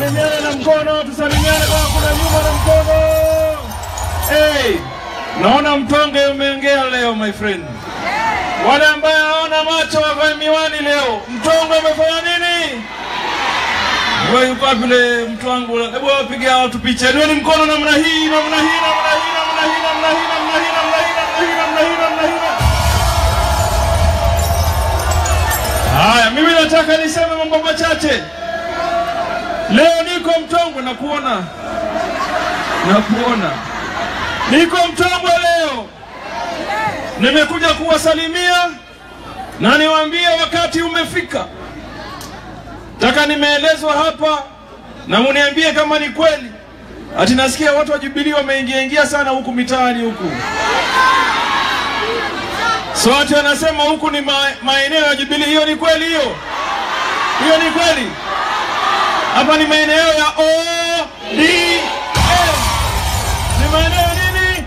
tusalimiane na mkono, tusalimiane kwa kuna nyuma na mkono. Hey, naona mtonge umeongea leo my friend. Wale ambaye haona macho wavae miwani leo. Mtonge umefanya nini? Wewe papile mtu wangu, hebu wapigia watu picha. Ni mkono namna hii, namna hii, namna hii, namna hii, namna hii, namna hii, namna hii, namna hii, namna hii, namna hii. Haya, mimi nataka niseme mambo machache. Leo niko Mtongwe na kuona na kuona, niko Mtongwe leo, nimekuja kuwasalimia na niwaambie wakati umefika. Taka nimeelezwa hapa na muniambie kama ni kweli. Ati nasikia watu wa Jubilee wameingia ingia sana huku mitaani huku. So ati wanasema huku ni ma maeneo ya Jubilee. Hiyo ni kweli hiyo? Hiyo ni kweli? Hapa ni maeneo ya ODM. Ni maeneo nini?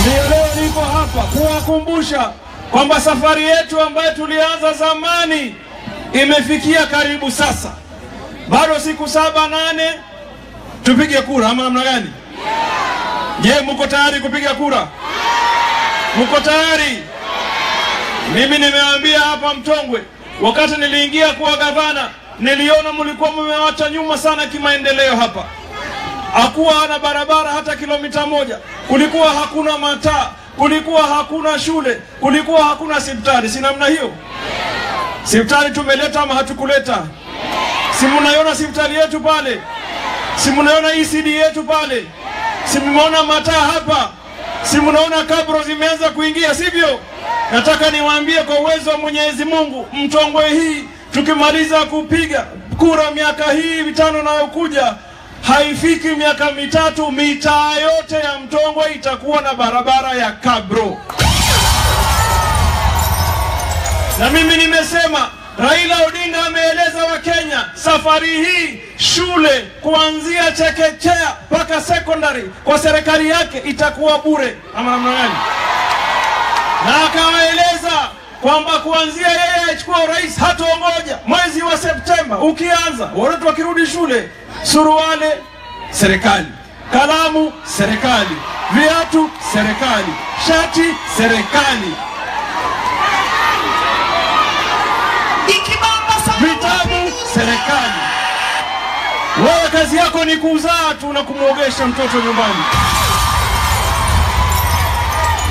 Ndio leo niko hapa kuwakumbusha kwamba safari yetu ambayo tulianza zamani imefikia karibu sasa. Bado siku saba nane tupige kura ama namna gani? Je, mko tayari kupiga kura? Mko tayari? Mimi nimeambia hapa Mtongwe Wakati niliingia kuwa gavana, niliona mlikuwa mmewacha nyuma sana kimaendeleo hapa. Hakuwa na barabara hata kilomita moja, kulikuwa hakuna mataa, kulikuwa hakuna shule, kulikuwa hakuna sipitali. Si namna hiyo? Sipitali tumeleta ama hatukuleta? Si mnaiona sipitali yetu pale? Si mnaiona ECD yetu pale? Si mmeona mataa hapa? Si mnaona kabro zimeanza kuingia, sivyo? Nataka niwaambie kwa uwezo wa Mwenyezi Mungu, Mtongwe hii tukimaliza kupiga kura miaka hii mitano inayokuja haifiki miaka mitatu, mitaa yote ya Mtongwe itakuwa na barabara ya kabro. Na mimi nimesema, Raila Odinga ameeleza Wakenya safari hii shule kuanzia chekechea mpaka sekondari kwa serikali yake itakuwa bure, ama namna gani? na akawaeleza kwamba kuanzia yeye achukua urais hatuongoja mwezi wa Septemba ukianza, watoto wakirudi shule, suruale serikali, kalamu serikali, viatu serikali, shati serikali, vitabu serikali. Wewe kazi yako ni kuzaa tu na kumwogesha mtoto nyumbani.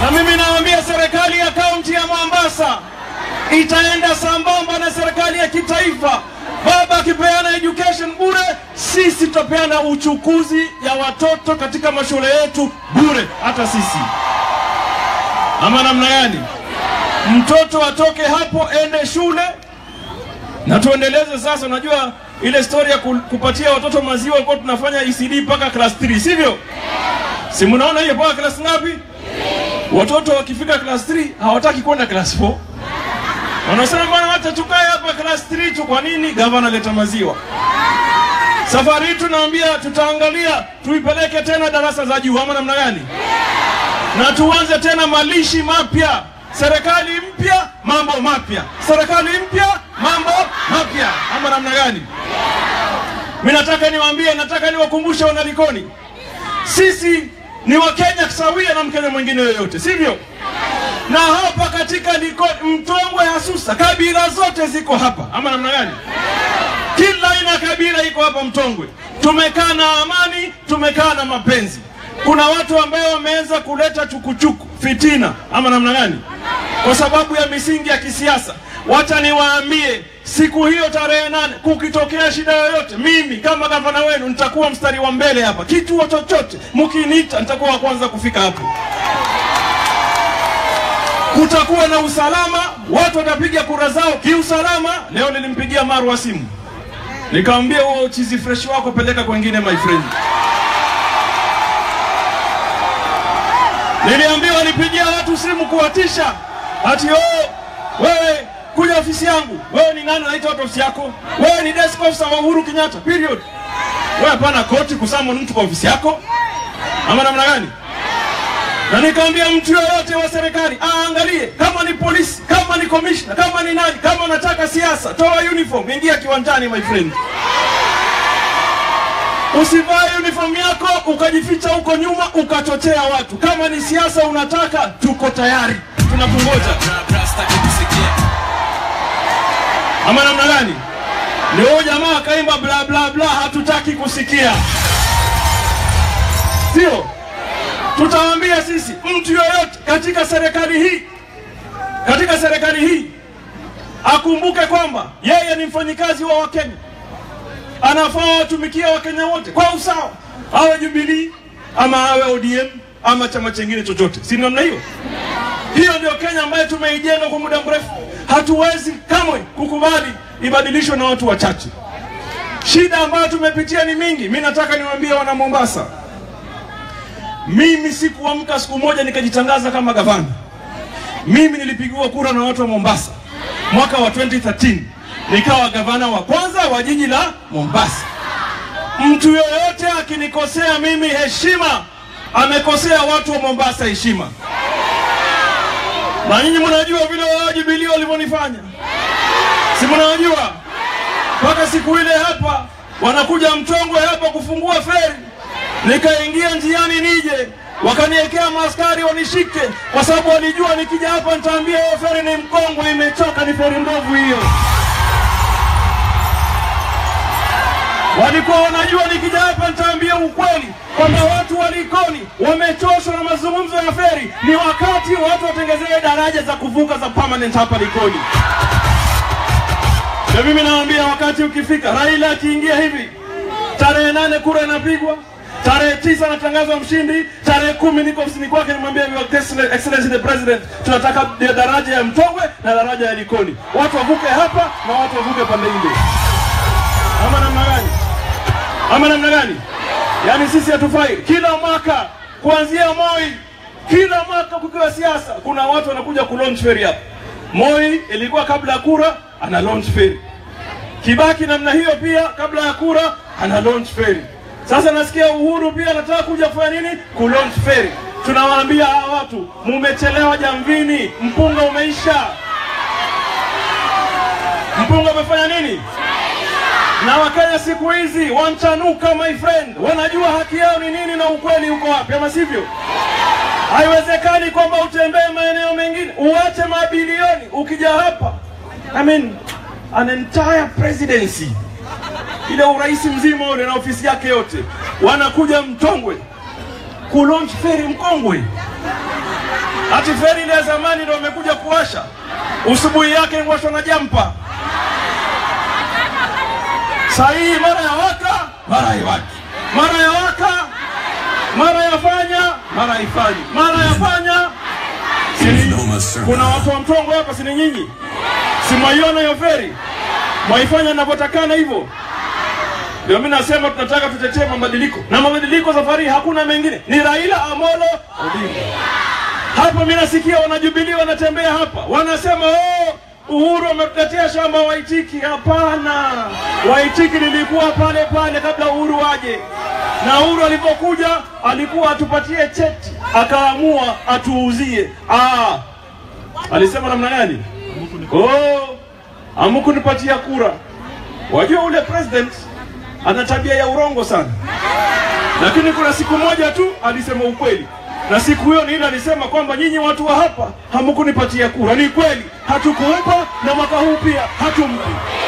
Na mimi naambia serikali ya kaunti ya Mombasa itaenda sambamba na serikali ya kitaifa. Baba akipeana education bure, sisi tutapeana uchukuzi ya watoto katika mashule yetu bure, hata sisi ama namna gani? Mtoto atoke hapo ende shule na tuendeleze sasa. Unajua ile stori ya kupatia watoto maziwa kwa tunafanya ECD mpaka class 3, sivyo? Si mnaona hiyo mpaka class ngapi? Watoto wakifika class 3 hawataki kwenda class 4. Wanasema bwana, wacha tukae hapa class 3 tu. Kwa nini? Gavana leta maziwa. Safari hii tunaambia tutaangalia tuipeleke tena darasa za juu ama namna gani? Na tuanze tena malishi mapya, serikali mpya, mambo mapya, serikali mpya, mambo mapya ama namna gani? Mimi nataka niwaambie, nataka niwakumbushe wanalikoni, sisi ni Wakenya sawia na Mkenya mwingine yoyote, sivyo? Na hapa katika niko Mtongwe hasusa kabila zote ziko hapa, ama namna gani? Kila aina kabila iko hapa Mtongwe. Tumekaa na amani, tumekaa na mapenzi. Kuna watu ambao wameanza kuleta chukuchuku, fitina, ama namna gani? Kwa sababu ya misingi ya kisiasa. Wacha niwaambie siku hiyo tarehe nane, kukitokea shida yoyote, mimi kama gavana wenu nitakuwa mstari wa mbele hapa. Kituo chochote mkiniita, nitakuwa wa kwanza kufika hapo. Kutakuwa na usalama, watu watapiga kura zao kiusalama. Leo nilimpigia Marwa simu nikamwambia, huo uchizi fresh wako peleka kwengine, my friend. Niliambiwa nipigia watu simu kuwatisha ati oh, wewe kuja ofisi yangu. Wewe ni nani unaita watu ofisi yako? Wewe ni desk officer wa Uhuru Kenyatta period. Wewe hapana koti kusamon mtu kwa ofisi yako ama namna gani? Na nikamwambia mtu yoyote wa serikali aangalie, kama ni polisi, kama ni commissioner, kama ni nani, kama unataka siasa, toa uniform, ingia kiwanjani my friend. Usivae uniform yako ukajificha huko nyuma ukachochea watu. Kama ni siasa unataka, tuko tayari, tunakungoja ama namna gani? Ni huyu jamaa akaimba bla bla bla, hatutaki kusikia, sio? Tutawaambia sisi, mtu yoyote katika serikali hii, katika serikali hii akumbuke kwamba yeye ni mfanyikazi wa Wakenya, anafaa watumikia Wakenya wote kwa usawa, awe Jubilee ama awe ODM ama chama chingine chochote, si namna hiyo? Hiyo ndio Kenya ambayo tumeijenga kwa muda mrefu. Hatuwezi kamwe kukubali ibadilishwe na watu wachache. Shida ambayo tumepitia ni mingi. Mimi nataka niwaambie wana Mombasa, mimi sikuamka siku moja nikajitangaza kama gavana. Mimi nilipigiwa kura na watu wa Mombasa mwaka wa 2013 nikawa gavana wa kwanza wa jiji la Mombasa. Mtu yoyote akinikosea mimi heshima, amekosea watu wa Mombasa heshima. Na nyinyi mnajua vile Jubilee walivyonifanya, si mnajua? Mpaka siku ile hapa wanakuja Mtongwe hapa kufungua feri, nikaingia njiani nije, wakaniwekea maaskari wanishike, kwa sababu walijua nikija hapa nitaambia hiyo feri ni mkongwe, imechoka, ni feri mbovu hiyo. Walikuwa wanajua nikija hapa nitaambia ukweli kwamba Likoni wamechoshwa na mazungumzo ya feri, ni wakati watu watengezee daraja za kuvuka za permanent hapa Likoni. Na mimi nawaambia, wakati ukifika, Raila akiingia hivi, tarehe nane kura inapigwa, tarehe tisa anatangazwa mshindi, tarehe kumi niko ofisini kwake, nimwambia Excellency the President, tunataka daraja ya Mtongwe na daraja ya Likoni, watu wavuke hapa na watu wavuke pande ile, ama namna gani? Ama namna gani? Yaani sisi hatufai. Kila mwaka kuanzia Moi, kila mwaka kukiwa siasa, kuna watu wanakuja ku launch ferry hapa. Moi ilikuwa kabla ya kura ana launch ferry. Kibaki namna hiyo pia, kabla ya kura ana launch ferry. Sasa nasikia Uhuru pia anataka kuja kufanya nini? Ku launch ferry. Tunawaambia hawa watu, mumechelewa Jamvini, mpunga umeisha. Mpunga umefanya nini? na Wakenya siku hizi wanchanuka, my friend, wanajua haki yao ni nini na ukweli uko wapi, ama sivyo? Haiwezekani kwamba utembee maeneo mengine uache mabilioni, ukija hapa I mean, an entire presidency ile urais mzima ule na ofisi yake yote, wanakuja Mtongwe kulaunch feri Mkongwe. Ati feri ile ya zamani ndio wamekuja kuwasha, usubuhi yake ngwashwa na jampa sahihi mara ya waka mara iwaki mara ya waka mara ya fanya mara ifanyi mara ya fanya kuna watu wa mtongo hapa sini nyinyi si mwaiona hiyo feri mwaifanya inavyotakana hivyo ndio mimi nasema tunataka tutetee mabadiliko na mabadiliko safari hakuna mengine ni Raila Amolo Odinga hapa mimi nasikia wanajubilia wanatembea hapa wanasema oh, Uhuru ametetea shamba Waitiki. Hapana, Waitiki lilikuwa pale pale kabla Uhuru aje, na Uhuru alipokuja alikuwa atupatie cheti, akaamua atuuzie. Ah, alisema namna gani? Oh, amkunipatia kura. Wajua ule president ana tabia ya urongo sana, lakini kuna siku moja tu alisema ukweli na siku hiyo ile alisema kwamba nyinyi watu wa hapa hamkunipatia kura. Ni kweli hatukuwepo, na mwaka huu pia hatumpi.